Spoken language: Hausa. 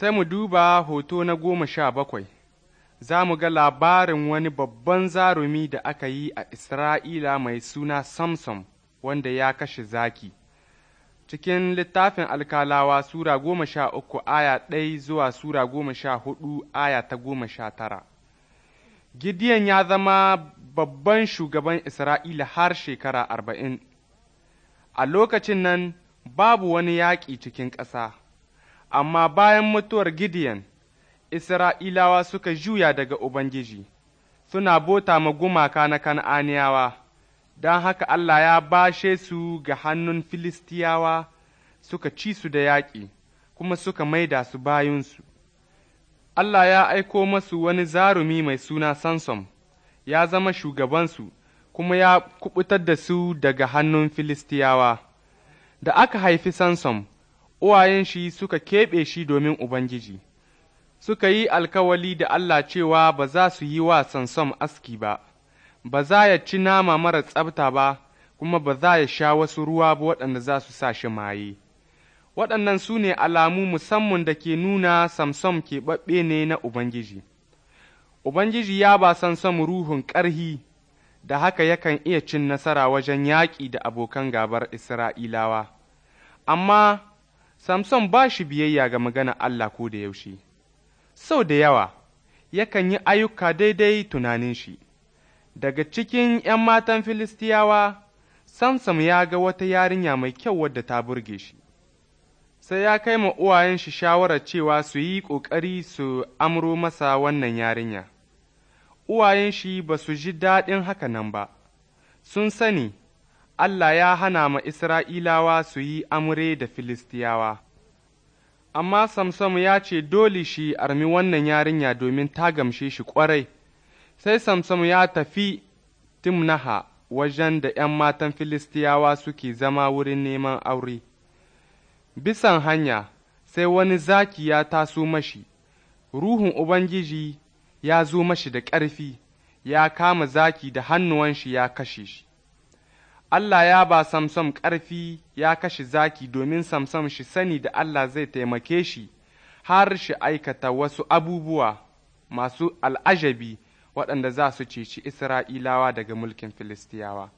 sai mu duba hoto na goma sha bakwai, za mu ga labarin wani babban zarumi da aka yi a Isra'ila mai suna Samson wanda ya kashe zaki. Cikin littafin alkalawa Sura goma sha uku aya ɗai zuwa Sura goma sha hudu aya ta goma sha tara. Gideon ya zama babban shugaban Isra'ila har shekara arba'in. A lokacin nan babu wani yaƙi cikin ƙasa. amma bayan mutuwar Gideon, Isra'ilawa suka juya daga Ubangiji, suna bota ma gumaka na Kan'aniyawa, don haka Allah ya bashe su ga hannun Filistiyawa suka ci su da yaƙi, kuma suka maida su bayunsu. Allah ya aiko masu wani zarumi mai suna Samson, ya zama shugabansu, kuma ya kuɓutar da su daga hannun Filistiyawa. Da aka haifi Samson, uwayen shi suka keɓe shi domin Ubangiji, suka yi alkawali da Allah cewa ba za su yi wa Sansom aski ba, ba za ya ci nama mara tsabta ba, kuma ba za ya sha wasu ruwa ba waɗanda za su sa shi maye. Waɗannan su ne alamu musamman da ke nuna Samsom keɓaɓɓe ne na Ubangiji. Ubangiji ya ba Samsom ruhun ƙarhi, da haka yakan iya cin nasara wajen yaƙi da abokan gabar Isra'ilawa. Amma Samson ba shi biyayya ga maganar Allah ko da yaushe, sau da yawa yakan yi ayyuka daidai tunanin shi. Daga cikin ’yan matan Filistiyawa, Samson ya ga wata yarinya mai kyau wadda ta burge shi, sai ya kai ma uwayen shi shawarar cewa su yi ƙoƙari su amro masa wannan yarinya. Uwayen shi ba su ji daɗin haka nan ba, sun sani Allah ya hana ma Isra'ilawa su yi amure da Filistiyawa. Amma Samsam ya ce dole shi armi wannan yarinya domin ta gamshe shi kwarai sai Samsam ya tafi Timnaha wajen da ’yan matan Filistiyawa suke zama wurin neman aure. Bisan hanya, sai wani zaki ya taso mashi, Ruhun Ubangiji ya zo mashi da ƙarfi, ya kama zaki da hannuwan shi ya kashe shi. Allah ya ba Samsam ƙarfi ya kashe zaki domin Samsam shi sani da Allah zai taimake shi har shi aikata wasu abubuwa masu al'ajabi waɗanda za su ceci Isra'ilawa daga mulkin Filistiyawa.